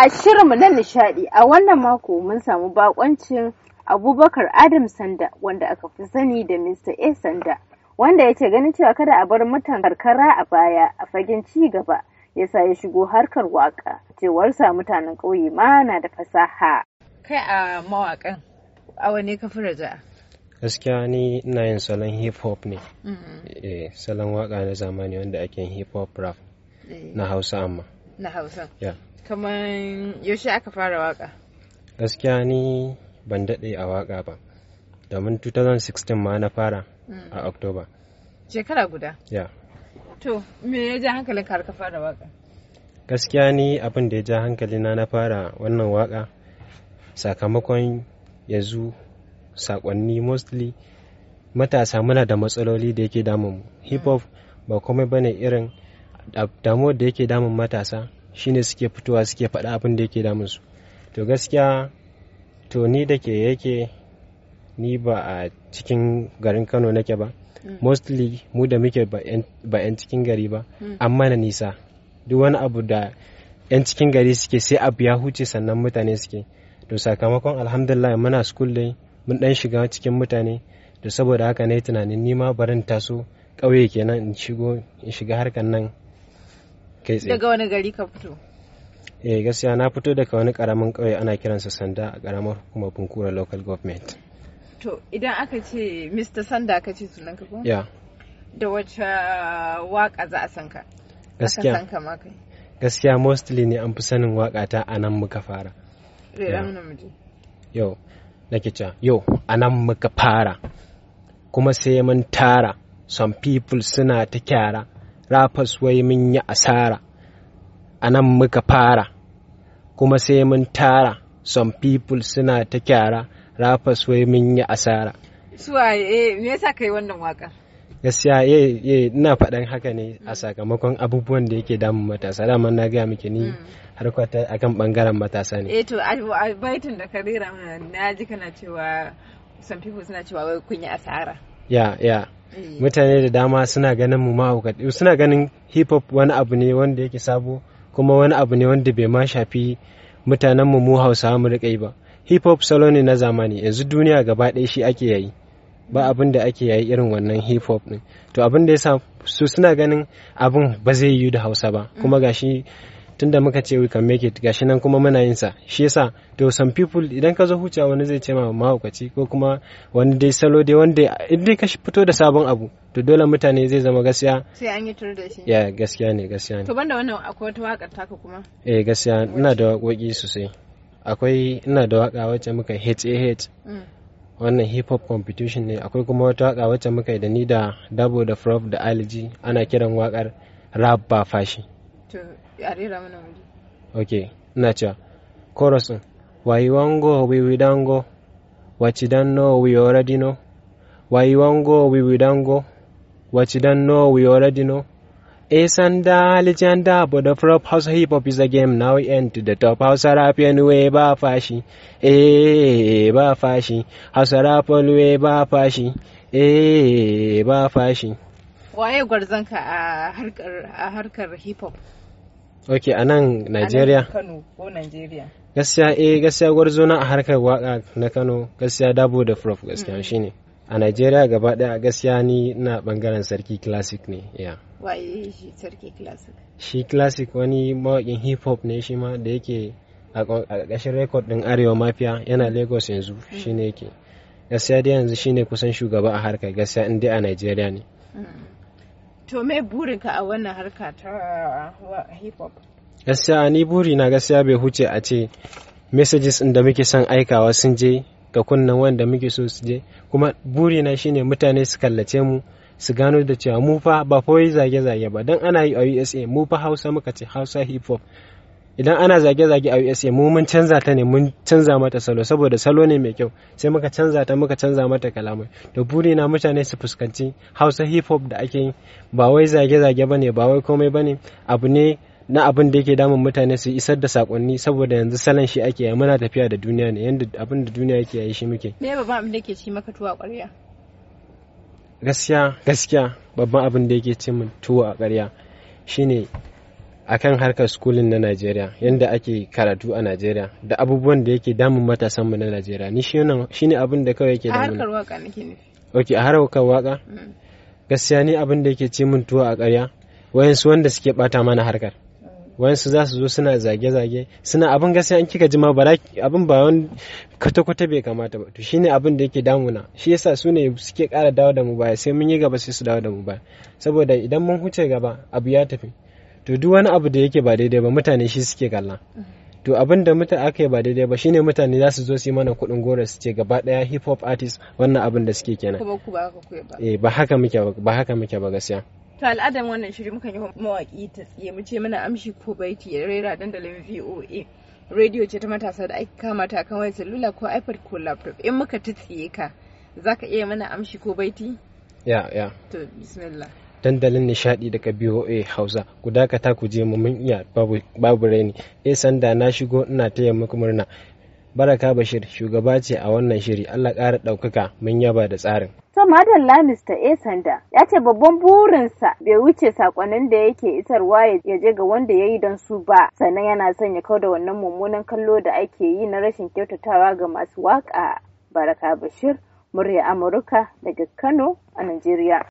A shirinmu na nishaɗi a wannan mako mun samu bakoncin Abubakar Adam Sanda wanda aka fi sani da Mr. A Sanda wanda ya ganin cewa kada a bar mutan karkara a baya a fagen ci gaba yasa ya shigo harkar waka cewarsa mutanen ƙauye ma na da fasaha. Kai a mawakan a wani ka furaja? Gaskiya ni ina yin salon hip hop ne. Mm-hmm. Eh, salon waka na zamani wanda ake hip hop rap eh. na Hausa amma. Na Hausa. kamar yaushe aka fara waka gaskiya ni ban daɗe a waka ba domin 2016 ma na fara mm. a october shekara guda ya to me ya ja hankalin ka ka fara waka gaskiya ni abin da ya ja hankalina na fara wannan waka sakamakon yanzu sakonni mostly matasa muna da matsaloli da yake damun hip hop mm. ba komai bane irin damuwar da yake damun matasa shine suke fitowa suke faɗa abin da yake damun su to gaskiya to ni da ke yake ni ba a cikin garin kano nake ba mm. mostly mu da muke ba 'yan cikin gari ba mm. amma na nisa duk wani abu da 'yan cikin gari suke sai abu ya huce sannan mutane suke to sakamakon alhamdulillah muna school dai mun dan shiga cikin mutane to saboda haka na yi ni ma barin taso ƙauye kenan in shigo in shiga harkar nan kai tsaye daga wani gari ka fito eh gaskiya na fito daga wani karamin kauye ana kiransa sanda a karamar hukumar bunkura local government to idan aka ce mr sanda ka ce sunan ka ko ya da wacce uh, waka za a san ka gaskiya gaskiya mostly ne an fi sanin waka ta a nan muka fara yau nake cewa yau a nan muka fara kuma sai mun tara some people suna ta kyara rafas wai mun yi asara a nan muka fara kuma sai mun tara some people suna ta kyara rafas wai mun yi asara suwa eh me yasa kai wannan waka gaskiya eh, eh ina faɗan haka ne a sakamakon abubuwan da yake damun matasa dama na gaya miki ni hmm. a akan bangaren matasa ne eh to a baitin da mana na ji kana cewa some people suna cewa wai kun yi asara ya ya Eh. mutane da dama suna ganin mu ma'aukata suna ganin hip hop wani abu ne wanda yake sabo kuma wani abu ne wanda bai ma shafi mutanen mu mu hausawa mu rika yi ba hip hop salo ne na zamani yanzu duniya gaba ɗaya shi ake yayi ba abin da ake yayi irin wannan hip hop ne to abin da yasa su suna ganin abin ba zai yi da hausa ba kuma gashi tunda muka ce we can make it gashi nan kuma muna yin sa shi yasa to some people idan ka zo hucewa wani zai ce ma mahaukaci ko kuma wani dai salo dai wanda idan ka fito da sabon abu to dole mutane zai zama gaskiya sai an yi tur da shi ya gaskiya ne gaskiya ne to banda wannan akwai wata waƙar taka kuma eh gaskiya ina da waƙoƙi sosai akwai ina da waka wacce muka HAH mm. wannan hip hop competition ne akwai kuma wata waka wacce muka yi da ni da dabo da prof da alji ana kiran wakar rap ba fashi to a rera mana wuri ok nacha cewa chorus why wan go we we dan go what you dan know we already know why wan go we we dan what you know we already know but the house hip hop is a game now and to the top house Arabian we ba fashi, eh ba fashi, house Arabian way ba fashi, eh ba fashi. Waye gwarzonka a harkar hip hop? ok a nan nigeria kano ko nigeria gaskiya eh gaskiya gwarzona a harkar waka na kano gaskiya dabo da prof gaskiya mm. shine a nigeria gaba daya gaskiya ni na bangaren sarki classic ne ya waye shi sarki classic shi classic wani mawakin hip hop ne shi ma da yake a ƙarƙashin rekod ɗin arewa mafiya yana lagos yanzu mm. shine yake gaskiya dai yanzu shine kusan shugaba a harkar gaskiya in dai a nigeria ne mm. to me burinka a wannan harka ta hip hop gaskiya ni buri na gaskiya bai huce a ce messages da muke son aikawa sun je ga kunnen wanda muke so su je kuma buri na shine mutane su kallace mu su gano da cewa mu fa ba fa zage-zage ba dan ana yi a USA mu fa Hausa muka ce Hausa hip hop idan ana zage-zage a USA mu mun canza ta ne mun canza mata salo saboda salo ne mai kyau sai muka canza ta muka canza mata kalamai da buri na mutane su fuskanci Hausa hip hop da ake yi ba wai zage-zage bane ba wai komai bane abu ne na abin da yake damun mutane su isar da sakonni saboda yanzu salon shi ake yi muna tafiya da duniya ne yanda abin da duniya yake yi shi muke me babban abin da ke ci maka tuwa ƙwarya gaskiya gaskiya babban abin da yake ci min tuwo a ƙarya shine akan harkar skulin na Najeriya yadda ake karatu a Najeriya da abubuwan da yake damun matasan na Najeriya ni shi ne abin da kawai yake da mun harkar waka nake ne okay a harkar waka mm. gaskiya ne abin da yake ce mun tuwa a ƙarya wayansu wanda suke bata mana harkar wayansu za su zo suna zage-zage suna abin gaskiya an kika jima bara abin ba wani kwata-kwata bai kamata ba to shine abin da yake damuna shi yasa su ne suke ƙara dawo da mu baya sai mun yi gaba sai su dawo da mu baya saboda idan mun huce gaba abu ya tafi to duk wani abu da yake ba daidai ba mutane shi suke kalla to abin da mutane aka yi ba daidai ba shine mutane za su zo su yi mana kuɗin gora su ce gaba ɗaya hip hop artist wannan abin da suke kenan eh ba haka muke ba haka muke ba gaskiya to al'adar wannan shiri muka yi mawaki ta tsiye mu ce mana amshi ko baiti ya rera dandalin VOA rediyo ce ta matasa da ake kama ta kan wayar salula ko iPad ko laptop in muka ta tsiye ka zaka iya mana amshi ko baiti ya ya to bismillah dandalin nishadi daga BOA Hausa ku dakata ku je mu mun iya babu raini eh sanda na shigo ina taya muku murna Baraka Bashir shugaba ce a wannan shiri Allah ƙara ɗaukaka mun yaba da tsarin. To Madalla Mr. A Sanda ya ce babban burinsa bai wuce sakonnin da yake isarwa ya je ga wanda ya yi don su ba sannan yana son ya da wannan mummunan kallo da ake yi na rashin kyautatawa ga masu waka Baraka Bashir, murya Amurka daga Kano a Najeriya.